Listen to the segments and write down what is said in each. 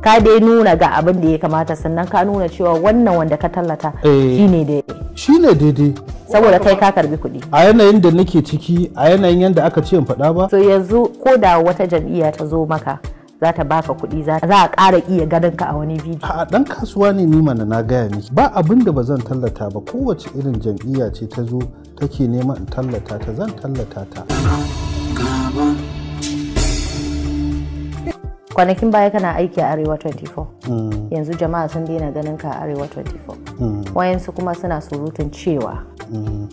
ka dai nuna ga abin da ya kamata sannan ka nuna cewa wannan wanda ka tallata eh. shine daidai shine daidai saboda kai ka karbi kuɗi a yanayin da nake ciki a yanayin yanda aka ce in faɗa ba to yanzu ko da wata jam'iyya ta zo maka za ta baka kuɗi za a ƙara iya ganin ka a wani bidiyo. A ɗan kasuwa ne ni mana na gaya miki ba abin da ba tallata ba kowace irin jam'iyya ce ta zo take neman in tallata ta zan tallata ta. kwanakin baya kana aiki a arewa 24 mm. yanzu jama'a sun daina ganin ka a arewa 24 mm. wayansu kuma suna surutun cewa mm.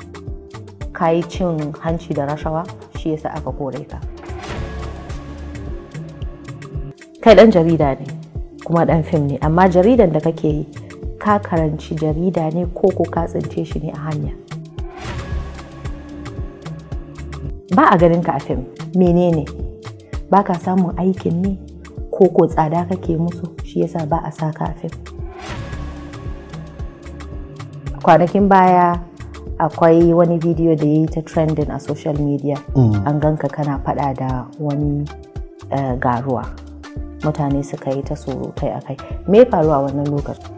ka yi cin hanci da rashawa shi yasa aka kore ka kai dan jarida ne kuma dan fim ne amma jaridan da kake yi ka karanci jarida ne ko ko ka tsince shi ne a hanya ba a ganin ka a fim menene ba ka samun aikin ne ko ko tsada kake musu shi yasa ba a sa kafin kwanakin baya akwai wani bidiyo da ya yi ta trending a social media mm. an ganka kana fada da wani eh, garuwa mutane suka yi ta surutai a kai me faruwa wannan lokacin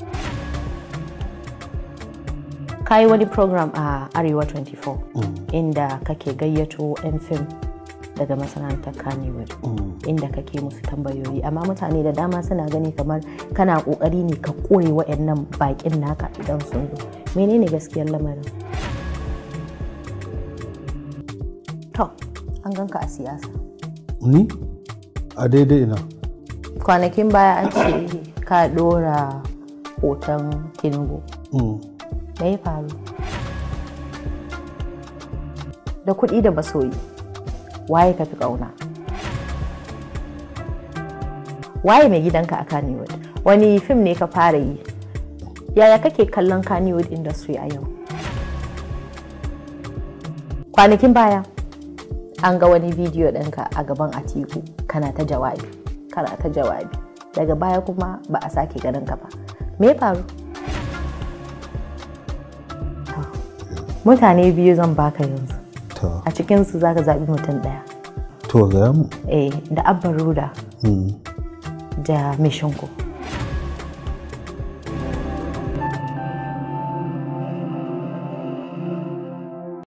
kayi wani program a arewa 24 mm. inda kake gayyato 'yan fim daga masana'antar kanewar mm. inda kake musu tambayoyi amma mutane da dama suna gani kamar kana kokari ne ka kore waɗannan bakin naka idan sun zo menene gaskiyar lamarin to an ganka a siyasa ni a daidai ina kwanakin baya an ce ka dora hoton tinubu mm. me ya faru da kuɗi da masoyi waye ka fi ƙauna waye mai gidanka a kaniwood wani fim ne ka fara yi yaya kake kallon kaniwood industry a yau kwanakin baya an ga wani bidiyo ɗinka a gaban atiku kana ta jawabi kana ta jawabi daga baya kuma ba a sake ganin ka ba me faru mutane biyu zan baka yanzu a cikin su zaka zabi mutum ɗaya. to ga eh da abba ruda hmm. da mishinko